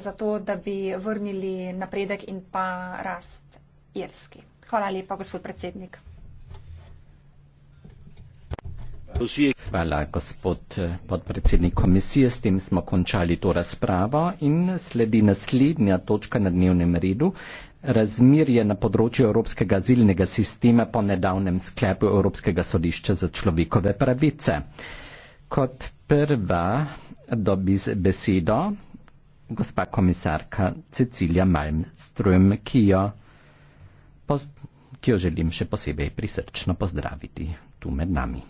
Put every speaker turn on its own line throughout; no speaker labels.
za to, da bi vrnili napredek in pa rast Irski. Hvala lepa, gospod predsednik.
Hvala, gospod podpredsednik komisije. S tem smo končali to razpravo in sledi naslednja točka na dnevnem redu. Razmirje na področju Evropskega azilnega sistema po nedavnem sklepu Evropskega sodišča za človekove pravice. Kot prva dobi besedo gospa komisarka Cecilija Malmström, ki jo, poz, ki jo želim še posebej prisrčno pozdraviti tu med nami.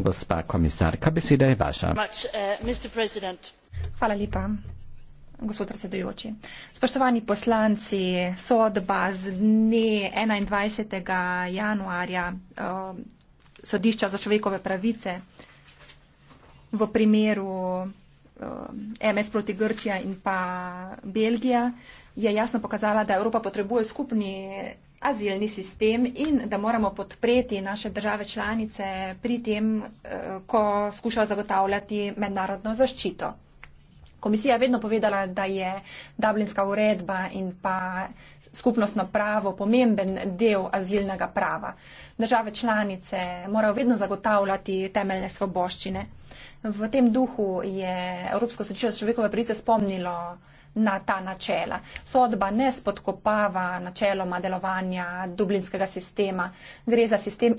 Gospa komisarka, beseda je vaša.
Eh, Hvala lepa gospod predsedujoči. Spoštovani poslanci, sodba z dne 21. januarja uh, sodišča za človekove pravice v primeru uh, um, MS proti Grčija in pa Belgija je jasno pokazala, da Evropa potrebuje skupni azilni sistem in da moramo podpreti naše države članice pri tem, eh, ko skušajo zagotavljati mednarodno zaščito komisija vedno povedala, da je Dublinska uredba in pa skupnostno pravo pomemben del azilnega prava. Države članice morajo vedno zagotavljati temeljne svoboščine. V tem duhu je Evropsko sodišče za človekove pravice spomnilo na ta načela. Sodba ne spodkopava načeloma delovanja dublinskega sistema. Gre za sistem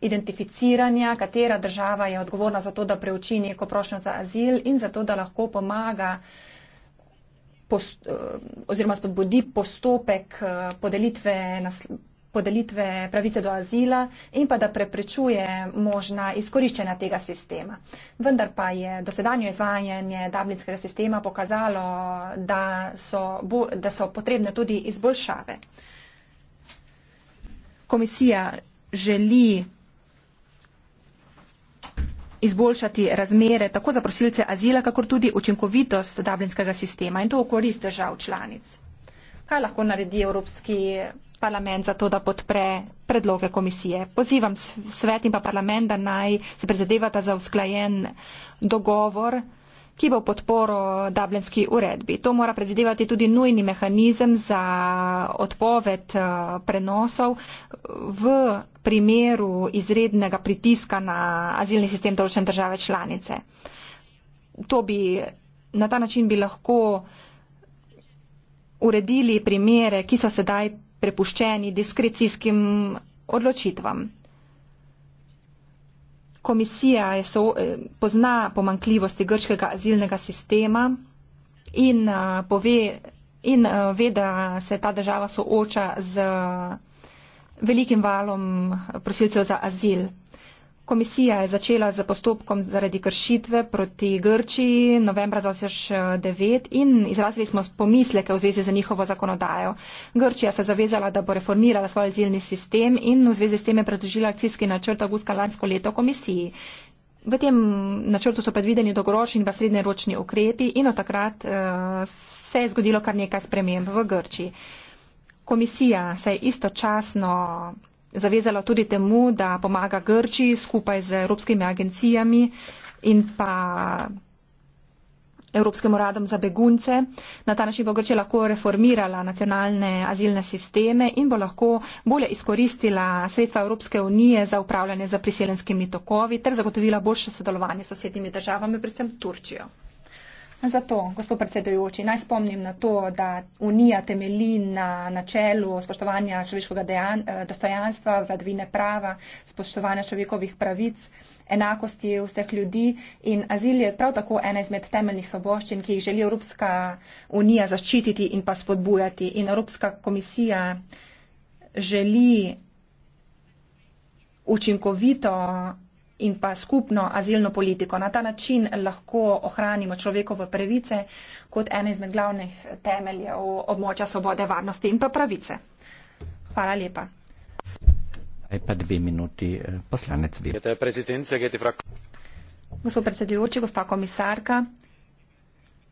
identificiranja, katera država je odgovorna za to, da preuči neko prošljo za azil in za to, da lahko pomaga post, eh, oziroma spodbudi postopek eh, podelitve naslova podelitve pravice do azila in pa da preprečuje možna izkoriščanja tega sistema. Vendar pa je dosedanje izvajanje dablinskega sistema pokazalo, da so, da so potrebne tudi izboljšave. Komisija želi izboljšati razmere tako za prosilce azila, kakor tudi učinkovitost dablinskega sistema in to v korist držav članic. Kaj lahko naredi Evropski parlament za to, da podpre predloge komisije. Pozivam svet in pa parlament, da naj se prizadevata za usklajen dogovor, ki bo podporo dublinski uredbi. To mora predvidevati tudi nujni mehanizem za odpoved eh, prenosov v primeru izrednega pritiska na azilni sistem določene države članice. To bi na ta način bi lahko uredili primere, ki so sedaj prepuščeni diskrecijskim odločitvam. Komisija je so, eh, pozna pomankljivosti grškega azilnega sistema in, eh, pove, in eh, ve, da se ta država sooča z velikim valom prosilcev za azil. Komisija je začela z postopkom zaradi kršitve proti Grčiji novembra 2009 in izrazili smo pomisleke v zvezi z njihovo zakonodajo. Grčija se je zavezala, da bo reformirala svoj azilni sistem in v zvezi s tem je predložila akcijski načrt avgusta lansko leto komisiji. V tem načrtu so predvideni dolgoročni in pa srednjeročni ukrepi in od takrat uh, se je zgodilo kar nekaj sprememb v Grčiji. Komisija se je istočasno zavezala tudi temu, da pomaga Grčiji skupaj z evropskimi agencijami in pa Evropskim uradom za begunce. Na ta način bo Grčija lahko reformirala nacionalne azilne sisteme in bo lahko bolje izkoristila sredstva Evropske unije za upravljanje z priseljenskimi tokovi ter zagotovila boljše sodelovanje s sosednjimi državami, predvsem Turčijo. Zato, gospod predsedujoči, naj spomnim na to, da Unija temeli na načelu spoštovanja človeškega eh, dostojanstva, vladvine prava, spoštovanja človekovih pravic, enakosti vseh ljudi in azil je prav tako ena izmed temeljnih soboščin, ki jih želi Evropska unija zaščititi in pa spodbujati. In Evropska komisija želi učinkovito in pa skupno azilno politiko. Na ta način lahko ohranimo človekove pravice kot ene izmed glavnih temeljev območja svobode, varnosti in pa pravice. Hvala lepa.
Zdaj pa dve minuti eh, poslanec Vir.
Gospod predsedujoči, gospa komisarka,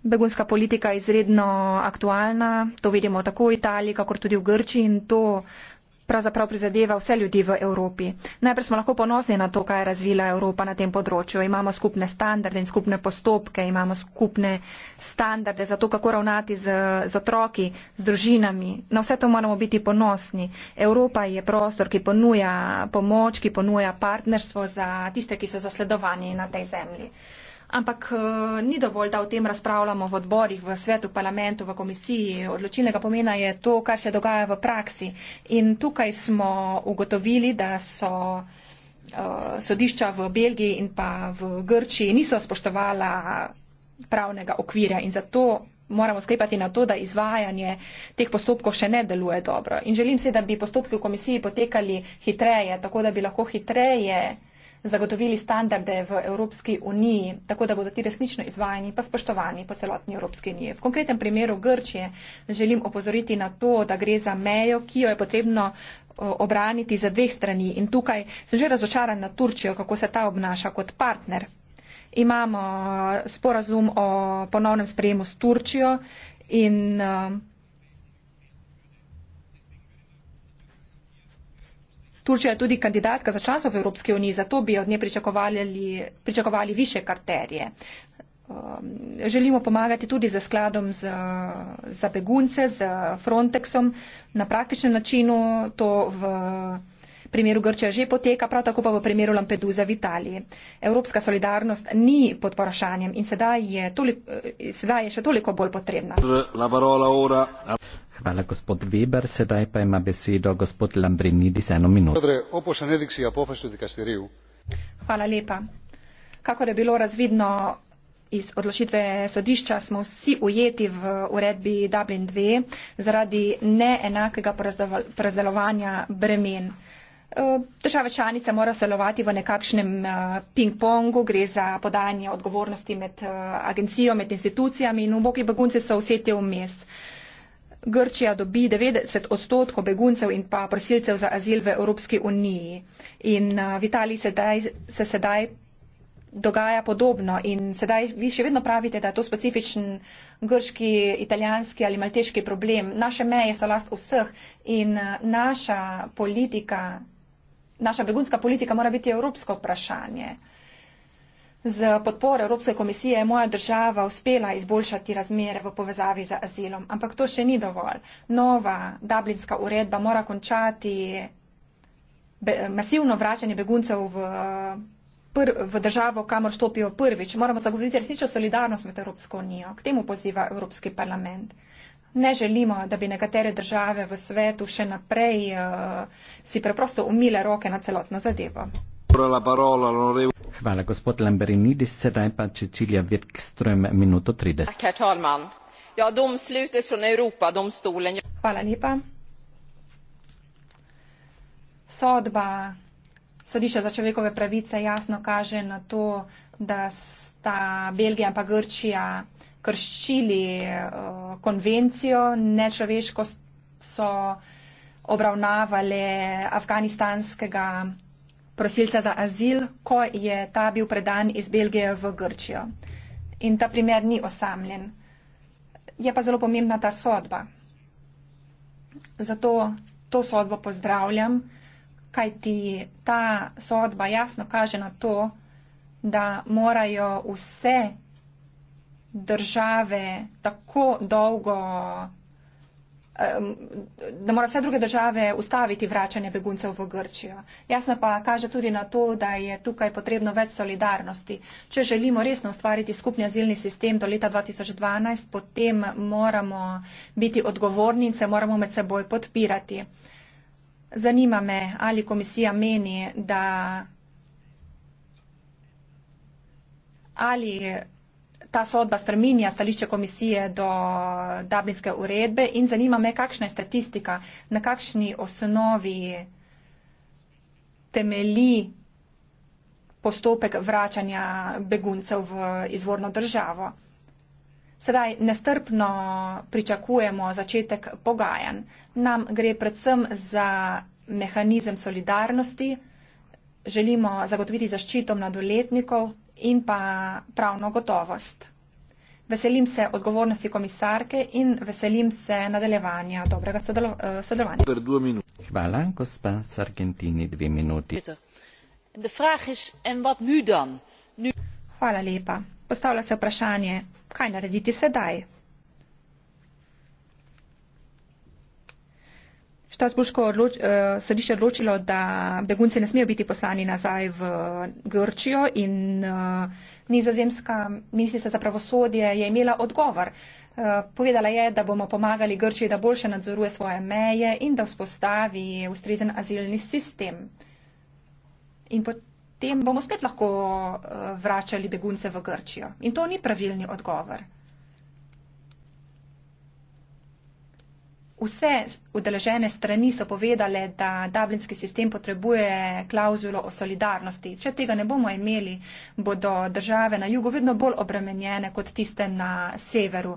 begunska politika je izredno aktualna, to vidimo tako v Italiji, kakor tudi v Grčiji in to pravzaprav prizadeva vse ljudi v Evropi. Najprej smo lahko ponosni na to, kaj je razvila Evropa na tem področju. Imamo skupne standarde in skupne postopke, imamo skupne standarde za to, kako ravnati z, z otroki, z družinami. Na vse to moramo biti ponosni. Evropa je prostor, ki ponuja pomoč, ki ponuja partnerstvo za tiste, ki so zasledovani na tej zemlji ampak eh, ni dovolj, da o tem razpravljamo v odborih, v svetu, parlamentu, v komisiji. Odločilnega pomena je to, kar se dogaja v praksi. In tukaj smo ugotovili, da so eh, sodišča v Belgiji in pa v Grčiji niso spoštovala pravnega okvirja in zato moramo sklepati na to, da izvajanje teh postopkov še ne deluje dobro. In želim se, da bi postopki v komisiji potekali hitreje, tako da bi lahko hitreje zagotovili standarde v Evropski uniji, tako da bodo ti resnično izvajani pa spoštovani po celotni Evropski uniji. V konkretnem primeru Grčije želim opozoriti na to, da gre za mejo, ki jo je potrebno obraniti za dveh strani in tukaj sem že razočaran na Turčijo, kako se ta obnaša kot partner. Imamo sporazum o ponovnem sprejemu s Turčijo in uh, Turčija je tudi kandidatka za članstvo v Evropski uniji, zato bi od nje pričakovali, pričakovali više karterije. Um, želimo pomagati tudi za skladom z, za begunce, z Frontexom na praktičnem načinu, to v primeru Grčije že poteka, prav tako pa v primeru Lampeduze v Italiji. Evropska solidarnost ni pod vprašanjem in sedaj je, toliko, eh, sedaj je še toliko bolj potrebna.
Hvala, gospod Weber. Sedaj pa ima besedo gospod Lambrinidi z eno minuto.
Hvala lepa. Kakor je bilo razvidno iz odločitve sodišča, smo vsi ujeti v uredbi Dublin 2 zaradi neenakega porazdelovanja bremen. Država članica mora sodelovati v nekakšnem eh, ping-pongu, gre za podajanje odgovornosti med eh, agencijo, med institucijami in uboki begunci so vse te vmes. Grčija dobi 90 odstotkov beguncev in pa prosilcev za azil v Evropski uniji. In eh, v Italiji sedaj, se sedaj dogaja podobno in sedaj vi še vedno pravite, da je to specifičen grški, italijanski ali malteški problem. Naše meje so last vseh in naša politika naša begunska politika mora biti evropsko vprašanje. Z podporo Evropske komisije je moja država uspela izboljšati razmere v povezavi z azilom, ampak to še ni dovolj. Nova dublinska uredba mora končati masivno vračanje beguncev v, pr, v državo, kamor stopijo prvič. Moramo zagotoviti resnično solidarnost med Evropsko unijo. K temu poziva Evropski parlament ne želimo, da bi nekatere države v svetu še naprej uh, si preprosto umile roke na celotno zadevo.
Hvala, gospod Lamberinidis. Sedaj pa Čečilja Vjetkström, minuto
30. Ja, dom slutes från Europa, domstolen. Hvala lepa. Sodba sodišča za človekove pravice jasno kaže na to, da sta Belgija in pa Grčija kršili uh, konvencijo, nečloveško so obravnavali afganistanskega prosilca za azil, ko je ta bil predan iz Belgije v Grčijo. In ta primer ni osamljen. Je pa zelo pomembna ta sodba. Zato to sodbo pozdravljam, kajti ta sodba jasno kaže na to, da morajo vse države tako dolgo, da mora vse druge države ustaviti vračanje beguncev v Grčijo. Jasno pa kaže tudi na to, da je tukaj potrebno več solidarnosti. Če želimo resno ustvariti skupni azilni sistem do leta 2012, potem moramo biti odgovorni in se moramo med seboj podpirati. Zanima me, ali komisija meni, da ali ta sodba spreminja stališče komisije do Dublinske uredbe in zanima me, kakšna je statistika, na kakšni osnovi temeli postopek vračanja beguncev v izvorno državo. Sedaj nestrpno pričakujemo začetek pogajanj. Nam gre predvsem za mehanizem solidarnosti. Želimo zagotoviti zaščito mladoletnikov, in pa pravno gotovost. Veselim se odgovornosti komisarke in veselim se nadaljevanja dobrega
eh, sodelovanja. Hvala, gospa Sargentini, dve minuti.
Hvala lepa. Postavlja se vprašanje, kaj narediti sedaj? Štrasburško odloč, uh, sodišče odločilo, da begunci ne smejo biti poslani nazaj v Grčijo in uh, nizozemska ministrica za pravosodje je imela odgovor. Uh, povedala je, da bomo pomagali Grčiji, da boljše nadzoruje svoje meje in da vzpostavi ustrezen azilni sistem. In potem bomo spet lahko uh, vračali begunce v Grčijo. In to ni pravilni odgovor. Vse udeležene strani so povedale, da dublinski sistem potrebuje klauzulo o solidarnosti. Če tega ne bomo imeli, bodo države na jugu vedno bolj obremenjene kot tiste na severu,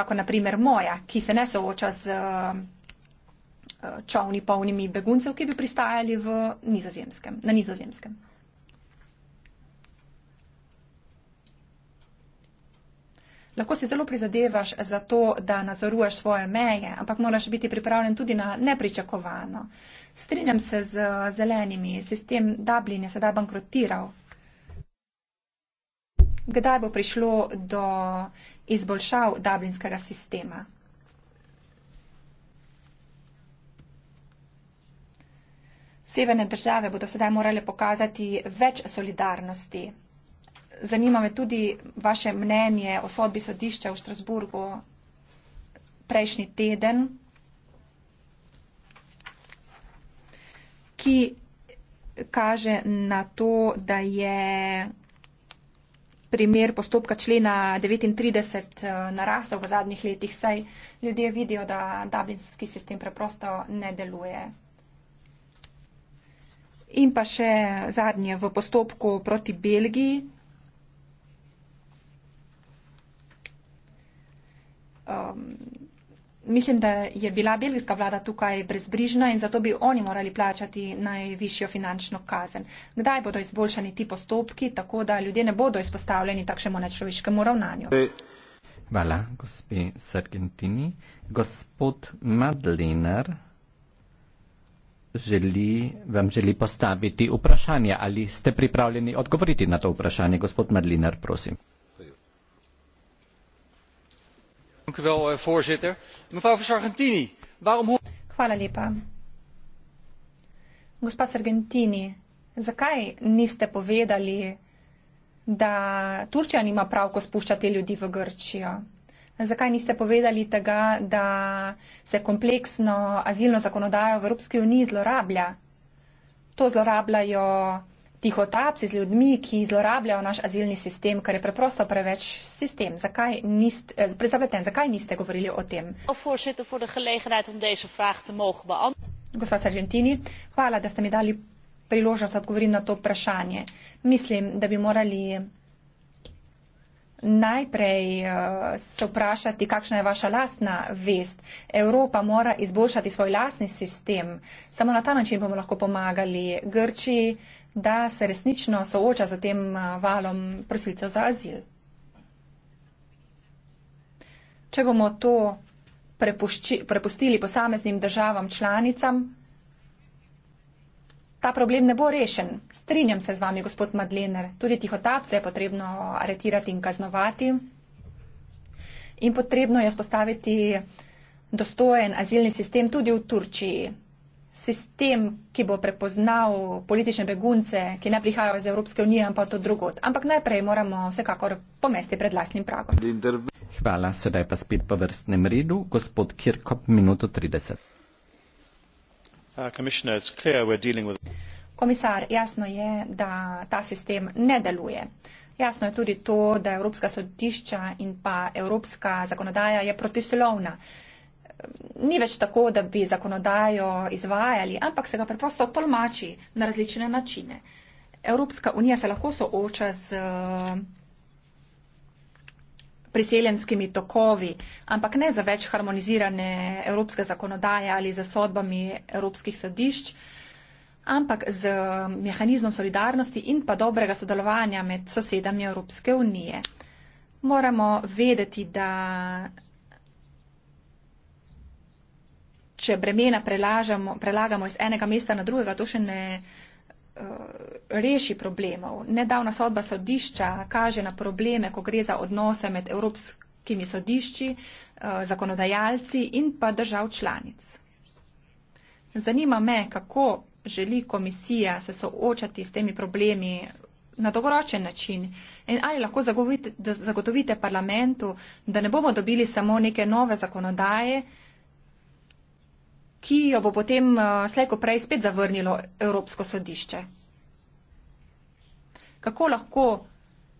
kako naprimer moja, ki se ne sooča z eh, čovni polnimi beguncev, ki bi pristajali v nizozemskem, na nizozemskem. Lahko si zelo prizadevaš za to, da nadzoruješ svoje meje, ampak moraš biti pripravljen tudi na nepričakovano. Strinjam se z zelenimi, sistem Dublin je sedaj bankrotiral. Kdaj bo prišlo do izboljšav dublinskega sistema? Severne države bodo sedaj morale pokazati več solidarnosti zanima me tudi vaše mnenje o sodbi sodišča v Štrasburgu prejšnji teden, ki kaže na to, da je primer postopka člena 39 eh, narastel v zadnjih letih, saj ljudje vidijo, da dublinski sistem preprosto ne deluje. In pa še zadnje v postopku proti Belgiji. um, mislim, da je bila belgijska vlada tukaj brezbrižna in zato bi oni morali plačati najvišjo finančno kazen. Kdaj bodo izboljšani ti postopki, tako da ljudje ne bodo izpostavljeni takšnemu nečloviškemu ravnanju? E,
Hvala, gospe Sargentini. Gospod Madlener želi, vam želi postaviti vprašanje. Ali ste pripravljeni odgovoriti na to vprašanje? Gospod Madlener, prosim.
Eh, voorzitter mevrouw sargentini
waarom hoort. zakaj niste povedali da turčija nima prav ko spuščati ljudi v grčijo zakaj niste povedali tega da se kompleksno azilno zakonodajo v evropski uniji zlorablja to zlorabljajo tihotapci z ljudmi, ki zlorabljajo naš azilni sistem, kar je preprosto preveč sistem. Zakaj niste, eh, zapleten, zakaj niste govorili o tem? Oh, Gospod Sargentini, hvala, da ste mi dali priložnost, da odgovorim na to vprašanje. Mislim, da bi morali najprej eh, se vprašati, kakšna je vaša lastna vest. Evropa mora izboljšati svoj lastni sistem. Samo na ta način bomo lahko pomagali Grčiji, da se resnično sooča z tem eh, valom prosilcev za azil. Če bomo to prepušči, prepustili posameznim državam članicam, ta problem ne bo rešen. Strinjam se z vami, gospod Madlener, tudi tihotapce je potrebno aretirati in kaznovati. In potrebno je spostaviti dostojen azilni sistem tudi v Turčiji sistem, ki bo prepoznal politične begunce, ki ne prihajajo iz Evropske unije, ampak to drugot. Ampak najprej moramo vsekakor pomesti pred lastnim pragom.
Hvala, sedaj pa spet po vrstnem redu. Gospod Kirkop, minuto 30.
Uh, Komisar, jasno je, da ta sistem ne deluje. Jasno je tudi to, da Evropska sodišča in pa Evropska zakonodaja je protislovna ni več tako, da bi zakonodajo izvajali, ampak se ga preprosto tolmači na različne načine. Evropska unija se lahko sooča z eh, priseljenskimi tokovi, ampak ne za več harmonizirane evropske zakonodaje ali za sodbami evropskih sodišč, ampak z eh, mehanizmom solidarnosti in pa dobrega sodelovanja med sosedami Evropske unije. Moramo vedeti, da če bremena prelagamo iz enega mesta na drugega, to še ne eh, reši problemov. Nedavna sodba sodišča kaže na probleme, ko gre za odnose med evropskimi sodišči, eh, zakonodajalci in pa držav članic. Zanima me, kako želi komisija se soočati s temi problemi na dolgoročen način in ali lahko zagotovite parlamentu, da ne bomo dobili samo neke nove zakonodaje, ki jo bo potem eh, slejko prej spet zavrnilo Evropsko sodišče. Kako lahko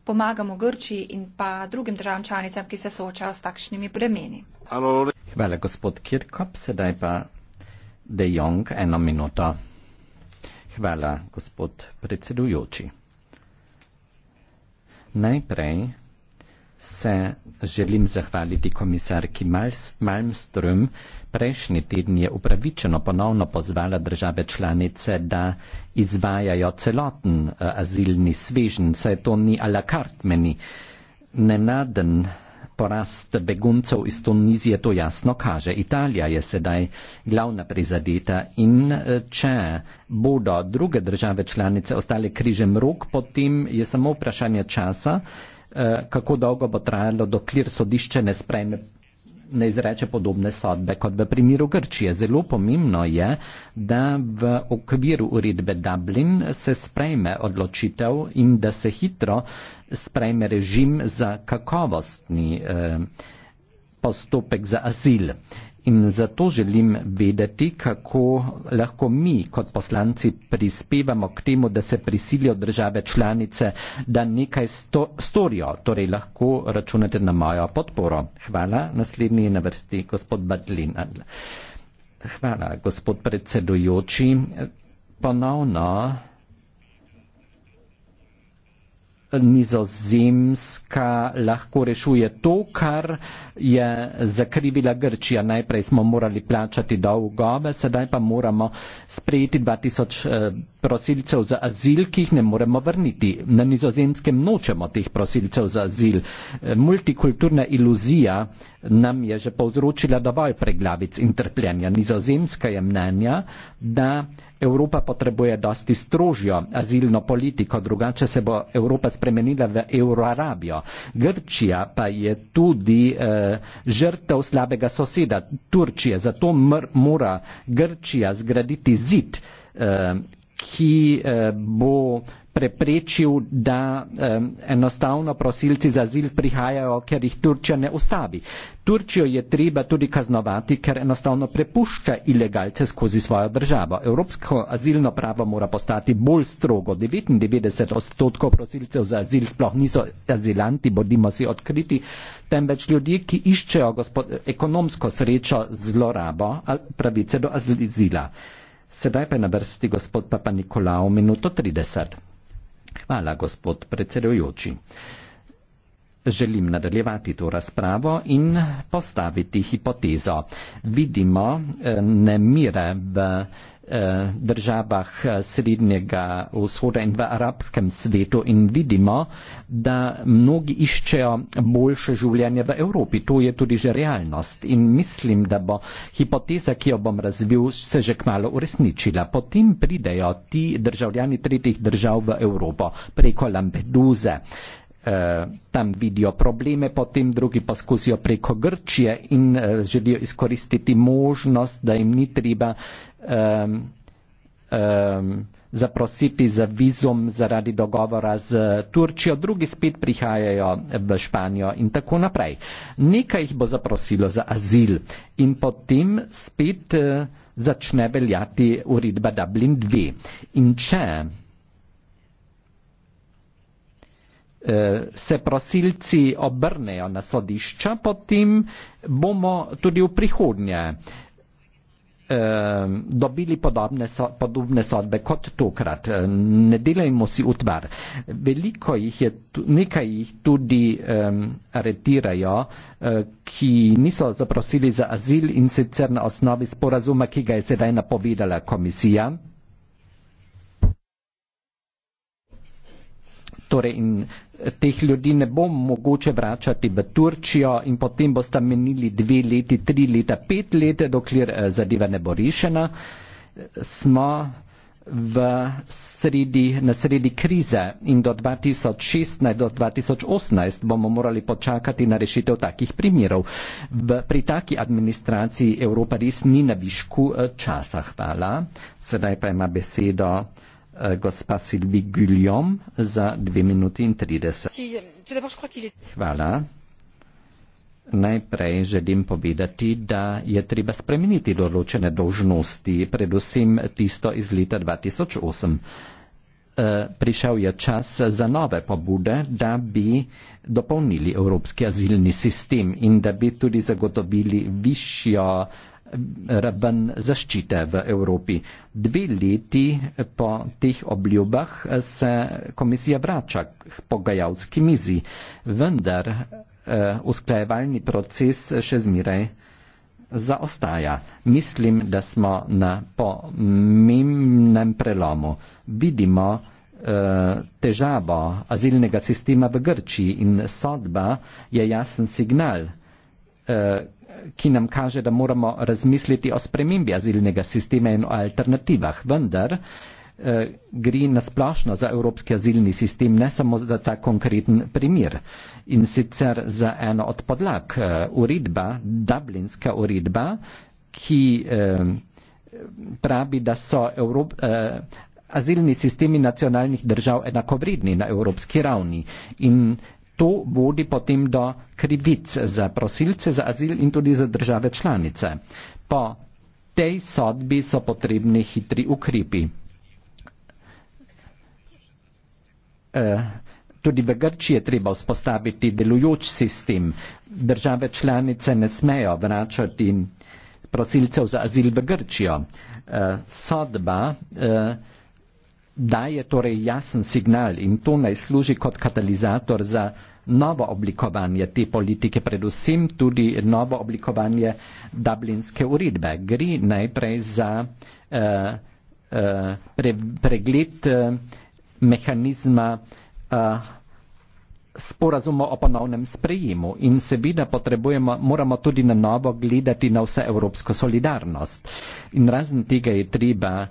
pomagamo Grčiji in pa drugim državam članicam, ki se soočajo s takšnimi bremeni?
Hvala, gospod Kirkop. Sedaj pa De Jong, eno minuto. Hvala, gospod predsedujoči. Najprej se želim zahvaliti komisarki Malmström. Prejšnji teden je upravičeno ponovno pozvala države članice, da izvajajo celoten eh, azilni svežen, saj to ni a la carte meni. Nenaden porast beguncev iz Tunizije to jasno kaže. Italija je sedaj glavna prizadeta in eh, če bodo druge države članice ostale križem rok, potem je samo vprašanje časa, Eh, kako dolgo bo trajalo, dokler sodišče ne sprejme. Ne izreče podobne sodbe kot v primeru Grčije. Zelo pomembno je, da v okviru uredbe Dublin se sprejme odločitev in da se hitro sprejme režim za kakovostni eh, postopek za azil. In zato želim vedeti, kako lahko mi kot poslanci prispevamo k temu, da se prisilijo države članice, da nekaj sto, storijo. Torej lahko računate na mojo podporo. Hvala. Naslednji je na vrsti gospod Badlin. Hvala, gospod predsedujoči. Ponovno nizozemska lahko rešuje to, kar je zakrivila Grčija. Najprej smo morali plačati dolgove, sedaj pa moramo sprejeti 2000 eh, prosilcev za azil, ki jih ne moremo vrniti. Na nizozemskem nočemo teh prosilcev za azil. Eh, multikulturna iluzija nam je že povzročila dovolj preglavic in trpljenja. Nizozemska je mnenja, da Evropa potrebuje dosti strožjo azilno politiko, drugače se bo Evropa spremenila v Euroarabijo. Grčija pa je tudi eh, žrtev slabega soseda Turčije, zato mr, mora Grčija zgraditi zid, eh, ki eh, bo preprečil, da um, enostavno prosilci za azil prihajajo, ker jih Turčija ne ustavi. Turčijo je treba tudi kaznovati, ker enostavno prepušča ilegalce skozi svojo državo. Evropsko azilno pravo mora postati bolj strogo. 99 odstotkov prosilcev za azil sploh niso azilanti, bodimo si odkriti, temveč ljudje, ki iščejo gospod, ekonomsko srečo zlorabo pravice do azila. Sedaj pa je na vrsti gospod Papa Nikolao, minuto 30. Hvala, gospod predsedujoči. Želim nadaljevati to razpravo in postaviti hipotezo. Vidimo eh, nemire v eh, državah eh, Srednjega vzhoda in v arabskem svetu in vidimo, da mnogi iščejo boljše življenje v Evropi. To je tudi že realnost in mislim, da bo hipoteza, ki jo bom razvil, se že kmalo uresničila. Potem pridejo ti državljani tretjih držav v Evropo preko Lampeduze. Eh, tam vidijo probleme, potem drugi poskusijo preko Grčije in uh, želijo izkoristiti možnost, da jim ni treba um, um, zaprositi za vizum zaradi dogovora z Turčijo, drugi spet prihajajo v Španijo in tako naprej. Nekaj jih bo zaprosilo za azil in potem spet uh, začne veljati uredba Dublin 2. In če Eh, se prosilci obrnejo na sodišča, potem bomo tudi v prihodnje eh, dobili podobne, so, podobne sodbe kot tokrat. Eh, ne delajmo si utvar. Veliko jih je, nekaj jih tudi um, aretirajo, ki niso zaprosili za azil in sicer na osnovi sporazuma, ki ga je sedaj napovedala komisija. torej in eh, teh ljudi ne bo mogoče vračati v Turčijo in potem boste menili dve leti, tri leta, pet leti, dokler eh, zadeva ne bo rešena. Smo sredi, na sredi krize in do 2016, do 2018 bomo morali počakati na rešitev takih primerov. V, pri taki administraciji Evropa res ni na višku eh, časa. Hvala. Sedaj pa ima besedo. Eh, gospa Sylvie Guillaume za 2 minuti in 30. Hvala. Najprej želim povedati, da je treba spremeniti določene dožnosti, predvsem tisto iz leta 2008. Eh, prišel je čas za nove pobude, da bi dopolnili evropski azilni sistem in da bi tudi zagotovili višjo raben zaščite v Evropi. Dve leti po teh obljubah se komisija vrača k pogajalski mizi, vendar uh, usklajevalni proces še zmeraj zaostaja. Mislim, da smo na pomembnem prelomu. Vidimo uh, težavo azilnega sistema v Grčiji in sodba je jasen signal. Uh, ki nam kaže, da moramo razmisliti o spremembi azilnega sistema in o alternativah. Vendar eh, gre nasplošno za evropski azilni sistem, ne samo za ta konkreten primer. In sicer za eno od podlag eh, uredba, dublinska uredba, ki eh, pravi, da so Evrop, azilni sistemi nacionalnih držav enakovredni na evropski ravni. In To vodi potem do krivic za prosilce za azil in tudi za države članice. Po tej sodbi so potrebni hitri ukrepi. E, tudi v Grčiji je treba vzpostaviti delujoč sistem. Države članice ne smejo vračati prosilcev za azil v Grčijo. E, sodba e, daje torej jasen signal in to naj služi kot katalizator za novo oblikovanje te politike, predvsem tudi novo oblikovanje dublinske uredbe. Gre najprej za uh, uh, pre, pregled uh, mehanizma uh, sporazumo o ponovnem sprejemu in seveda potrebujemo, moramo tudi na novo gledati na vse evropsko solidarnost. In razen tega je treba uh,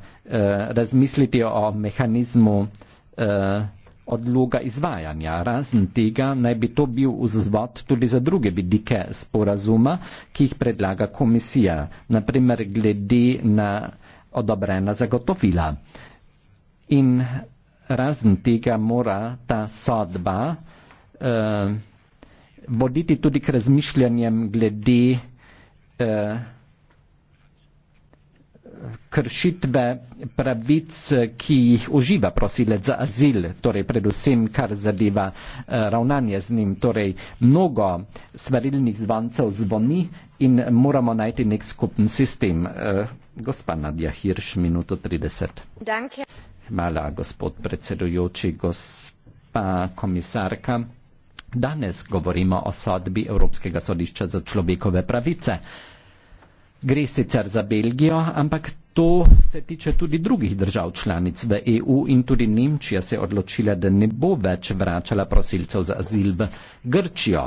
razmisliti o mehanizmu uh, odloga izvajanja. Razen tega naj bi to bil vzvod tudi za druge vidike sporazuma, ki jih predlaga komisija, naprimer glede na odobrena zagotovila. In razen tega mora ta sodba eh, voditi tudi k razmišljanjem glede eh, kršitve pravic, ki jih uživa prosilec za azil, torej predvsem kar zadeva eh, ravnanje z njim. Torej, mnogo svarilnih zvoncev zvoni in moramo najti nek skupen sistem. Eh, gospa Nadja Hirš, minuto 30. Danke. Hvala, gospod predsedujoči, gospa komisarka. Danes govorimo o sodbi Evropskega sodišča za človekove pravice. Gre sicer za Belgijo, ampak to se tiče tudi drugih držav članic v EU in tudi Nemčija se je odločila, da ne bo več vračala prosilcev za azil v Grčijo.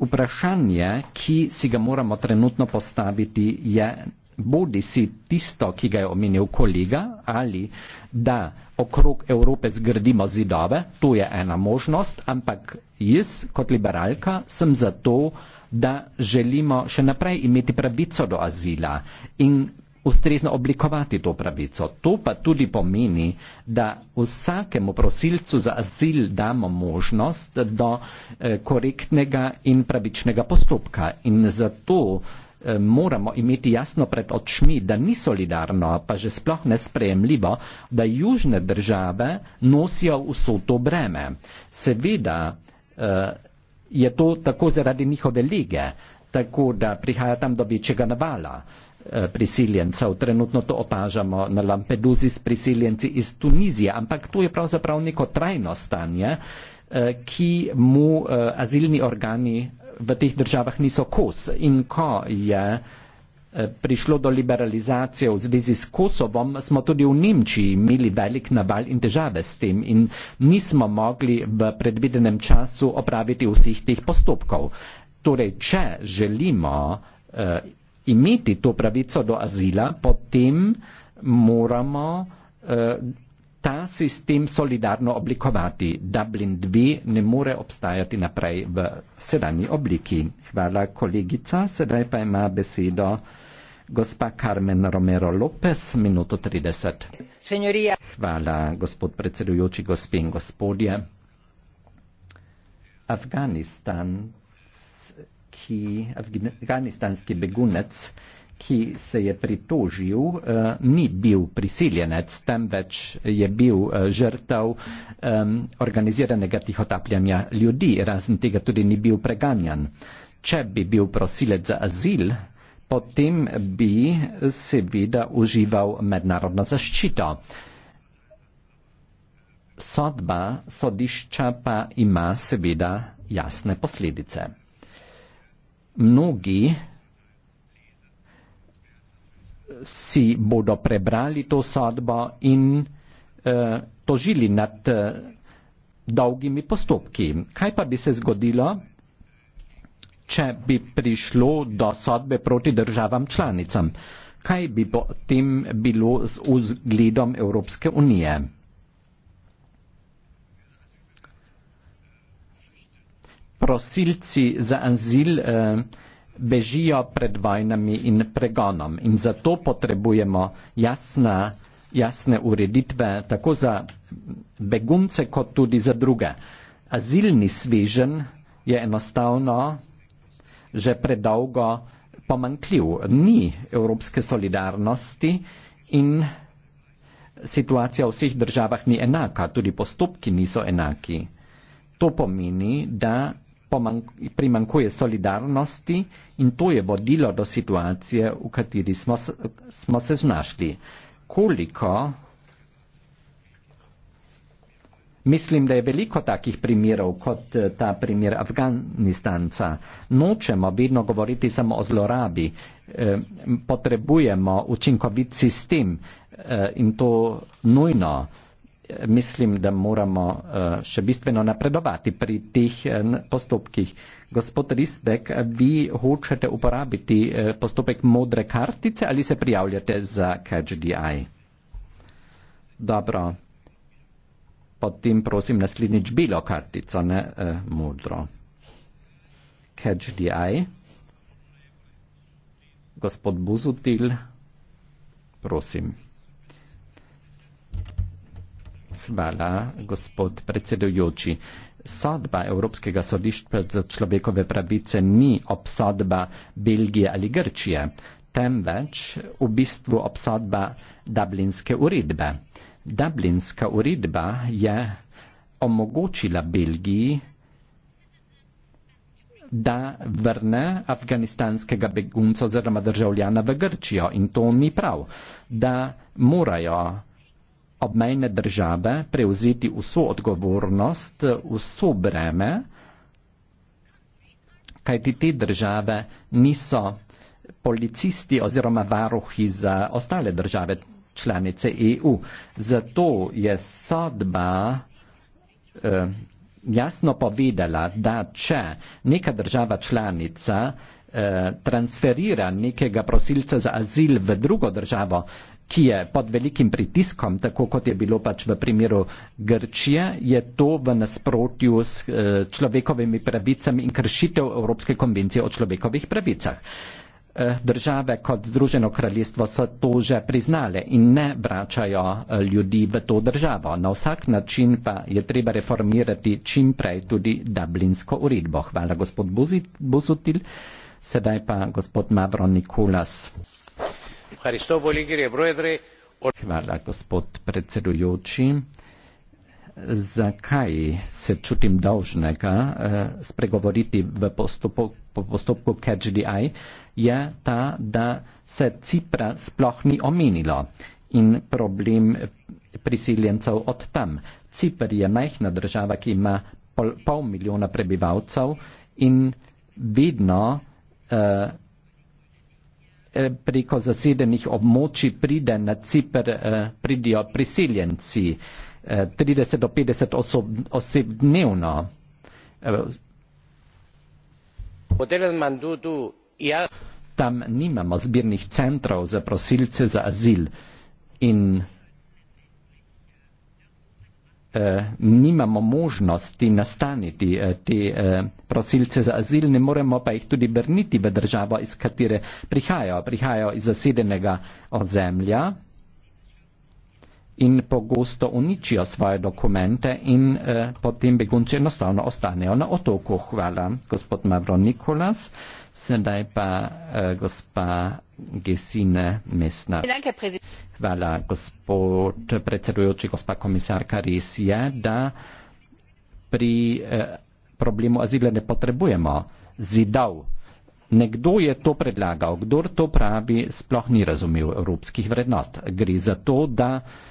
Vprašanje, ki si ga moramo trenutno postaviti, je bodi si tisto, ki ga je omenil kolega, ali da okrog Evrope zgradimo zidove, to je ena možnost, ampak jaz kot liberalka sem za to, da da želimo še naprej imeti pravico do azila in ustrezno oblikovati to pravico. To pa tudi pomeni, da vsakemu prosilcu za azil damo možnost do eh, korektnega in pravičnega postopka. In zato eh, moramo imeti jasno pred očmi, da ni solidarno, pa že sploh nesprejemljivo, da južne države nosijo vso to breme. Seveda, eh, je to tako zaradi njihove lige, tako da prihaja tam do večjega navala eh, prisiljencev. Trenutno to opažamo na Lampeduzi s prisiljenci iz Tunizije, ampak to je pravzaprav neko trajno stanje, eh, ki mu eh, azilni organi v teh državah niso kos. In ko je uh, Eh, prišlo do liberalizacije v zvezi s Kosovom, smo tudi v Nemčiji imeli velik naval in težave s tem in nismo mogli v predvidenem času opraviti vseh teh postopkov. Torej, če želimo uh, imeti to pravico do azila, potem moramo uh, ta sistem solidarno oblikovati. Dublin 2 ne more obstajati naprej v sedanji obliki. Hvala kolegica, sedaj pa ima besedo gospa Carmen Romero Lopez, minuto 30. Senjorija. Hvala, gospod predsedujoči, gospe in gospodje. Afganistan, ki, afganistanski begunec, ki se je pritožil, eh, ni bil prisiljenec, temveč je bil eh, žrtav organiziranega tihotapljanja ljudi, razen tega tudi ni bil preganjan. Če bi bil prosilec za azil, potem bi seveda užival mednarodno zaščito. Sodba sodišča pa ima seveda jasne posledice. Mnogi si bodo prebrali to sodbo in eh, tožili nad eh, dolgimi postopki. Kaj pa bi se zgodilo, če bi prišlo do sodbe proti državam članicam? Kaj bi potem bilo z vzgledom Evropske unije? Prosilci za azil. Eh, bežijo pred vojnami in pregonom. In zato potrebujemo jasna, jasne ureditve tako za begunce, kot tudi za druge. Azilni svežen je enostavno že predolgo pomankljiv. Ni evropske solidarnosti in situacija v vseh državah ni enaka, tudi postopki niso enaki. To pomeni, da primankuje solidarnosti in to je vodilo do situacije, v kateri smo, smo se znašli. Koliko, mislim, da je veliko takih primerov kot eh, ta primer Afganistanca. Nočemo vedno govoriti samo o zlorabi, eh, potrebujemo učinkovit sistem eh, in to nujno mislim, da moramo eh, še bistveno napredovati pri teh eh, postopkih. Gospod Ristek, vi hočete uporabiti eh, postopek modre kartice ali se prijavljate za CatchDI? Dobro. Potem prosim naslednjič bilo kartico, ne modro. CatchDI. Gospod Buzutil, prosim. Hvala, gospod predsedujoči. Sodba Evropskega sodišča za človekove pravice ni obsodba Belgije ali Grčije, temveč v bistvu obsodba Dublinske uredbe. Dublinska uredba je omogočila Belgiji, da vrne afganistanskega begunca oziroma državljana v Grčijo in to ni prav, da morajo obmejne države prevzeti vso odgovornost, vso breme, kajti te države niso policisti oziroma varuhi za ostale države članice EU. Zato je sodba eh, jasno povedala, da če neka država članica eh, Eh, transferira nekega prosilca za azil v drugo državo, ki je pod velikim pritiskom, tako kot je bilo pač v primeru Grčije, je to v nasprotju s eh, človekovimi pravicami in kršitev Evropske konvencije o človekovih pravicah. Eh, države kot Združeno kraljestvo so to že priznale in ne vračajo ljudi v to državo. Na vsak način pa je treba reformirati čim prej tudi Dublinsko uredbo. Hvala, gospod Buzutil. Buzutil. Sedaj pa gospod Mavro Nikulas. Hvala, gospod predsedujoči. Zakaj se čutim dolžnega eh, spregovoriti v postupu, postupku KGDI, je ta, da se Cipra sploh ni omenilo in problem prisiljencev od tam. Cipr je majhna država, ki ima pol, pol milijona prebivalcev in vedno Eh, eh, preko zasedenih območij pride na Cipr, eh, pridijo prisiljenci, 30 do 50 osob, oseb dnevno. Ja. Tam nimamo zbirnih centrov za prosilce za azil in Eh, nimamo možnosti nastaniti eh, te eh, prosilce za azil, ne moremo pa jih tudi brniti v državo, iz katere prihajajo. Prihajajo iz zasedenega ozemlja in pogosto uničijo svoje dokumente in potem begunci enostavno ostanejo na otoku. Hvala, gospod Mavro Nikolas. Sedaj pa uh, gospa Gesine Mesna. Hvala, gospod predsedujoči, gospa komisarka, res je, da pri uh, problemu azile ne potrebujemo zidav. Nekdo je to predlagal, kdor to pravi, sploh ni razumel evropskih vrednot. Gre za to, da uh,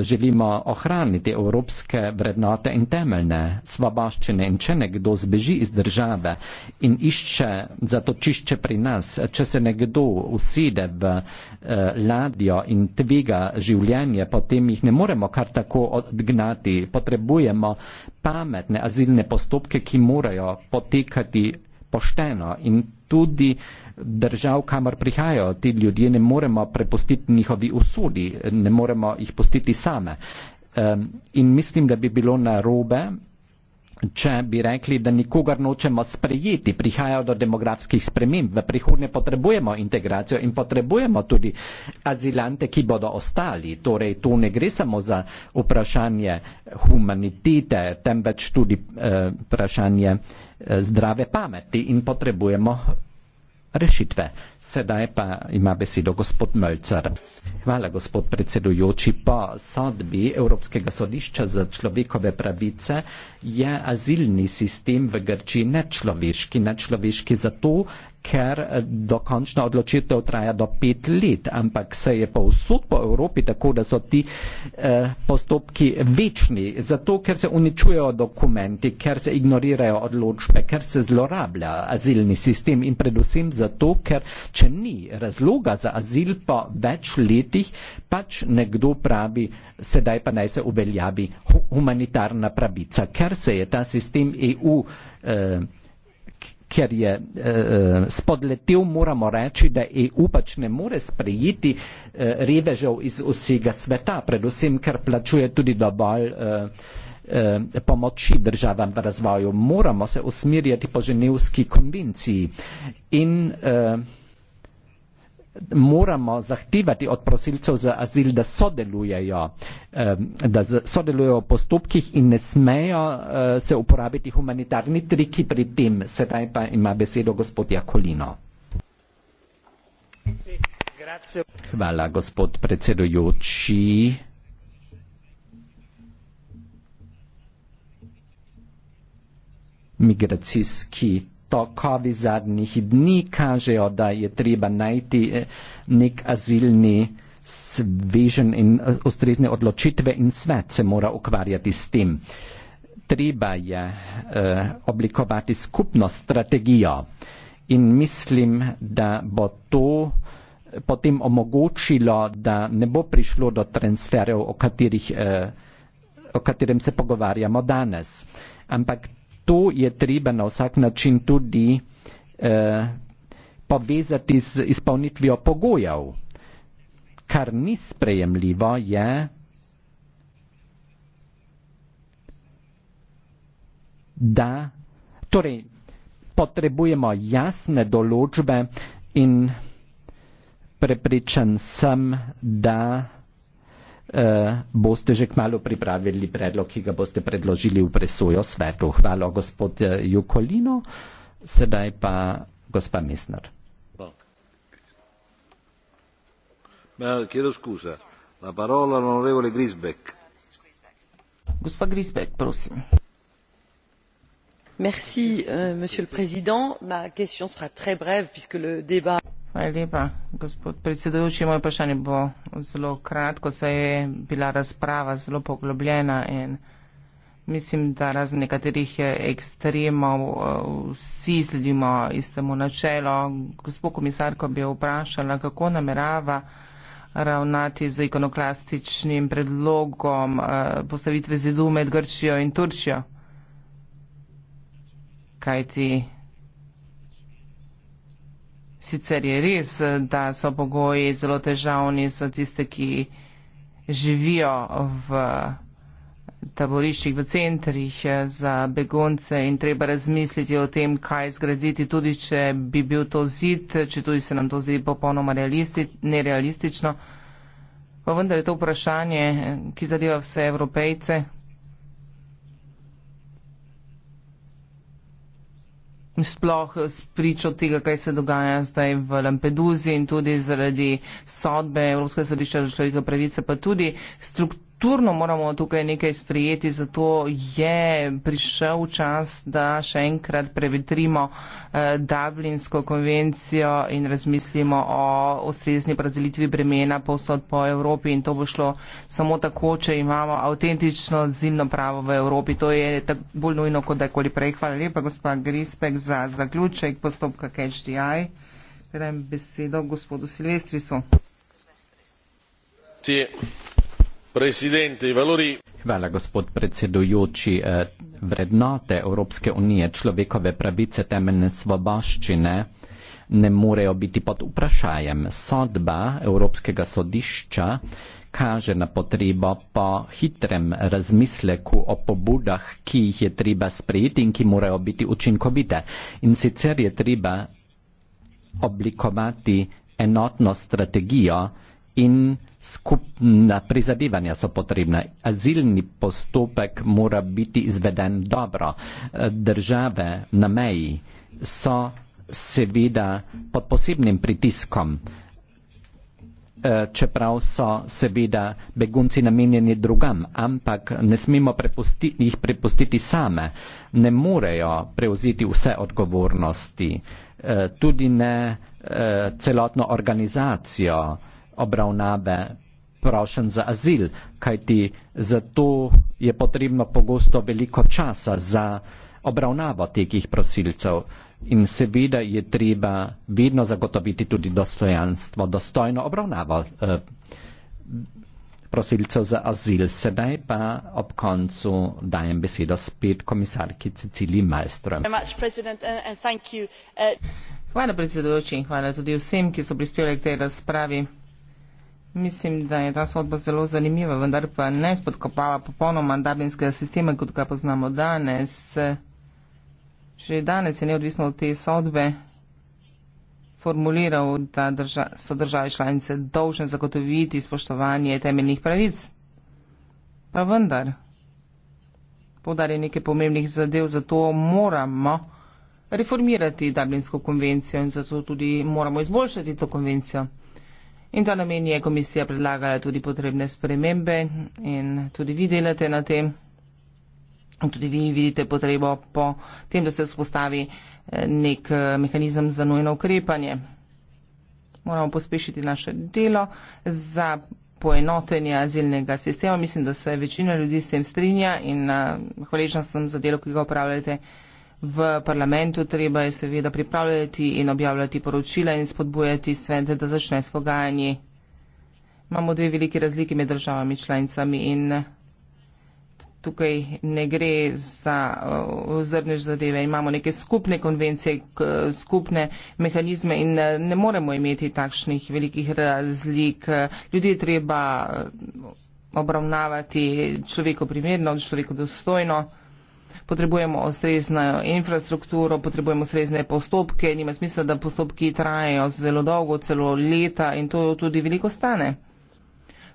želimo ohraniti evropske vrednote in temeljne svobaščine in če nekdo zbeži iz države in išče zatočišče pri nas, če se nekdo usede v eh, ladjo in tviga življenje, potem jih ne moremo kar tako odgnati. Potrebujemo pametne azilne postopke, ki morajo potekati pošteno in tudi eh, držav, kamor prihajajo ti ljudje, ne moremo prepustiti njihovi usudi, ne moremo jih pustiti same. Um, in mislim, da bi bilo narobe, če bi rekli, da nikogar nočemo sprejeti, prihajajo do demografskih sprememb, v prihodnje potrebujemo integracijo in potrebujemo tudi azilante, ki bodo ostali. Torej, to ne gre samo za vprašanje humanitete, temveč tudi uh, vprašanje uh, zdrave pameti in potrebujemo rešitve. Sedaj pa ima besedo gospod Mölcar. Hvala, gospod predsedujoči. Po sodbi Evropskega sodišča za človekove pravice je azilni sistem v Grčiji nečloveški. Nečloveški zato, ker eh, dokončna odločitev traja do pet let, ampak se je povsod po Evropi tako, da so ti eh, postopki večni. Zato, ker se uničujejo dokumenti, ker se ignorirajo odločbe, ker se zlorablja azilni sistem in predvsem zato, ker če ni razloga za azil po več letih, pač nekdo pravi, sedaj pa naj se uveljavi humanitarna pravica, ker se je ta sistem EU. Eh, ker je eh, spodletel, moramo reči, da EU pač ne more sprejeti eh, revežev iz vsega sveta, predvsem, ker plačuje tudi dovolj eh, eh, pomoči državam v razvoju. Moramo se usmirjati po ženevski konvenciji. In, eh, moramo zahtevati od prosilcev za azil, da sodelujejo, da sodelujejo v postopkih in ne smejo eh, se uporabiti humanitarni triki pri tem. Sedaj pa ima besedo gospod Jakolino. Hvala, gospod predsedujoči. Migracijski tokovi zadnjih dni kažejo, da je treba najti eh, nek azilni svežen in eh, ustrezne odločitve in svet se mora ukvarjati s tem. Treba je eh, oblikovati skupno strategijo in mislim, da bo to eh, potem omogočilo, da ne bo prišlo do transferjev, o, katerih, eh, o katerem se pogovarjamo danes. Ampak to je treba na vsak način tudi eh, povezati z izpolnitvijo pogojev. Kar ni sprejemljivo, je, da torej, potrebujemo jasne določbe in prepričan sem, da eh, boste že kmalo pripravili predlog, ki ga boste predložili v presojo svetu. Hvala, gospod eh, Jukolino. Sedaj pa gospa Misner. Gospa
Grisbek, prosim. Euh, monsieur le président ma question sera très brève puisque le débat. gospod predsedujoči moje vprašanje bo zelo kratko saj je bila razprava zelo poglobljena in mislim da razen nekaterih eh, ekstremov eh, vsi sledimo istemu načelu. gospod komisarko bi vprašala kako namerava ravnati z ikonoklastičnim predlogom eh, postavitve zidu med grčijo in turčijo kajti sicer je res, da so pogoji zelo težavni za tiste, ki živijo v taboriščih, v centrih za begonce in treba razmisliti o tem, kaj zgraditi, tudi če bi bil to zid, če tudi se nam to zdi popolnoma nerealistično. Pa vendar je to vprašanje, ki zadeva vse evropejce. sploh spričo tega, kaj se dogaja zdaj v Lampeduzi in tudi zaradi sodbe Evropske sodišče za človekove pravice, pa tudi struktur strukturno moramo tukaj nekaj sprijeti, zato je prišel čas, da še enkrat prevetrimo eh, Dublinsko konvencijo in razmislimo o ustrezni razdelitvi bremena povsod po Evropi in to bo šlo samo tako, če imamo avtentično zimno pravo v Evropi. To je bolj nujno, kot da je koli prej. Hvala lepa, gospa Grispek, za zaključek postopka KHDI. Predajem besedo gospodu Silvestrisu.
Sí. Hvala, gospod predsedujoči. Eh, vrednote Evropske unije, človekove pravice, temeljne svoboščine ne morejo biti pod vprašajem. Sodba Evropskega sodišča kaže na potrebo po hitrem razmisleku o pobudah, ki jih je treba sprejeti in ki morajo biti učinkovite. In sicer je treba oblikovati enotno strategijo in Skupna prizadevanja so potrebna. Azilni postopek mora biti izveden dobro. Države na meji so seveda pod posebnim pritiskom, e, čeprav so seveda begunci namenjeni drugam, ampak ne smemo prepustiti, jih prepustiti same. Ne morejo prevzeti vse odgovornosti, e, tudi ne e, celotno organizacijo obravnave prošen za azil, kajti zato je potrebno pogosto veliko časa za obravnavo tekih prosilcev in seveda je treba vedno zagotoviti tudi dostojanstvo, dostojno obravnavo eh, prosilcev za azil. Sedaj pa ob koncu dajem besedo spet komisarki Cecili Malmström. Eh.
Hvala predsedujoči in hvala tudi vsem, ki so prispevali k tej razpravi. Mislim, da je ta sodba zelo zanimiva, vendar pa ne spodkopava popolnoma dublinskega sistema, kot ga poznamo danes. Že danes je neodvisno od te sodbe formuliral, da drža, so države članice dolžne zagotoviti spoštovanje temeljnih pravic. Pa vendar, podarje nekaj pomembnih zadev, zato moramo reformirati Dublinsko konvencijo in zato tudi moramo izboljšati to konvencijo in ta namen je komisija predlagala tudi potrebne spremembe in tudi vi delate na tem. Tudi vi vidite potrebo po tem, da se vzpostavi eh, nek eh, mehanizem za nujno ukrepanje. Moramo pospešiti naše delo za poenotenje azilnega sistema. Mislim, da se večina ljudi s tem strinja in eh, hvaležna sem za delo, ki ga upravljate. V parlamentu treba je seveda pripravljati in objavljati poročila in spodbujati svet, da začne s pogajanji. Imamo dve velike razlike med državami članicami in tukaj ne gre za ozrneš zadeve. Imamo neke skupne konvencije, skupne mehanizme in ne moremo imeti takšnih velikih razlik. Ljudje treba obravnavati človeko primerno, človeko dostojno potrebujemo ustrezno infrastrukturo, potrebujemo ustrezne postopke, nima smisla, da postopki trajajo zelo dolgo, celo leta in to tudi veliko stane.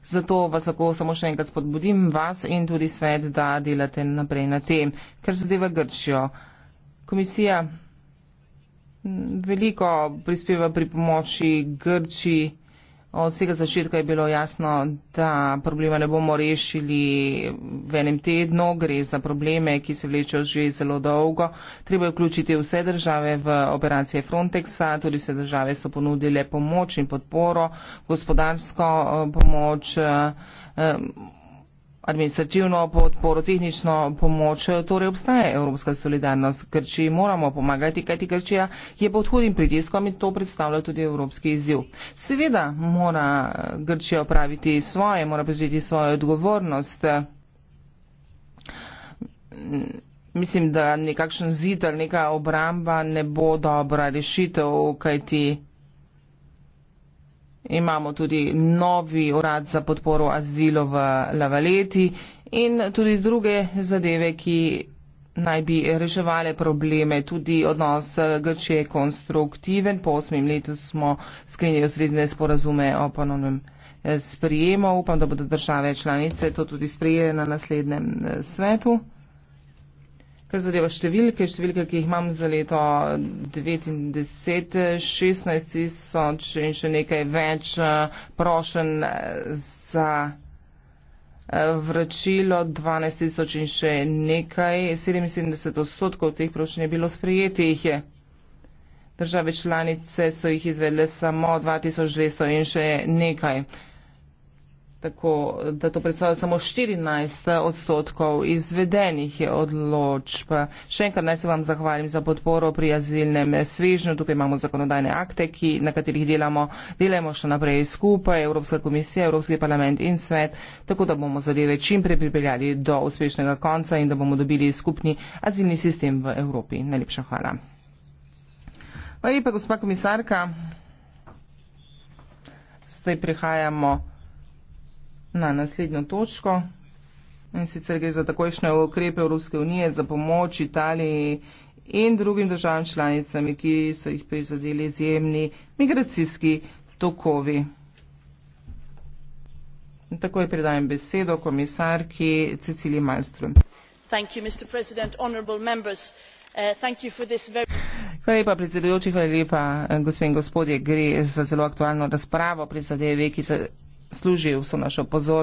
Zato vas lahko samo še enkrat spodbudim, vas in tudi svet, da delate naprej na tem, ker zadeva Grčijo. Komisija veliko prispeva pri pomoči Grčiji. Od vsega začetka je bilo jasno, da problema ne bomo rešili v enem tednu, gre za probleme, ki se vlečejo že zelo dolgo. Treba je vključiti vse države v operacije Frontexa, tudi vse države so ponudile pomoč in podporo, gospodarsko eh, pomoč. Eh, administrativno podporo, tehnično pomoč, torej obstaja evropska solidarnost. Grčiji moramo pomagati, kajti Grčija je pod hudim pritiskom in to predstavlja tudi evropski izziv. Seveda mora Grčija opraviti svoje, mora prezviti svojo odgovornost. Mislim, da nekakšen zid ali neka obramba ne bo dobra rešitev, kajti imamo tudi novi urad za podporo azilo v Lavaleti in tudi druge zadeve, ki naj bi reševali probleme. Tudi odnos eh, Grče je konstruktiven. Po osmim letu smo sklenili osrednje sporazume o ponovnem eh, sprijemu. Upam, da bodo države članice to tudi sprijele na naslednjem eh, svetu kar zadeva številke, številke, ki jih imam za leto 2019, 16 eh, eh, eh, tisoč in še nekaj več prošen za vračilo, 12 tisoč in še nekaj, 77 odstotkov teh prošen je bilo sprejetih. Države članice so jih izvedle samo 2200 in še nekaj tako da to predstavlja samo 14 odstotkov izvedenih odločb. Še enkrat naj se vam zahvalim za podporo pri azilnem svežnju. Tukaj imamo zakonodajne akte, ki, na katerih delamo, delamo še naprej skupaj, Evropska komisija, Evropski parlament in svet, tako da bomo zadeve čim prej pripeljali do uspešnega konca in da bomo dobili skupni azilni sistem v Evropi. Najlepša hvala. Hvala lepa, gospa komisarka. Zdaj prihajamo na naslednjo točko. In sicer gre za takojšnje ukrepe Evropske unije za pomoč Italiji in drugim državam članicam, ki so jih prizadeli izjemni migracijski tokovi. In takoj predajam besedo komisarki Cecilii Malmström.
Thank you, Mr. President, honorable members. Uh, thank you for this very...
Hvala lepa, predsedujoči, hvala lepa, gospe in gospodje. Gre za zelo aktualno razpravo pri zadevi, ki se služil vso našo pozornost.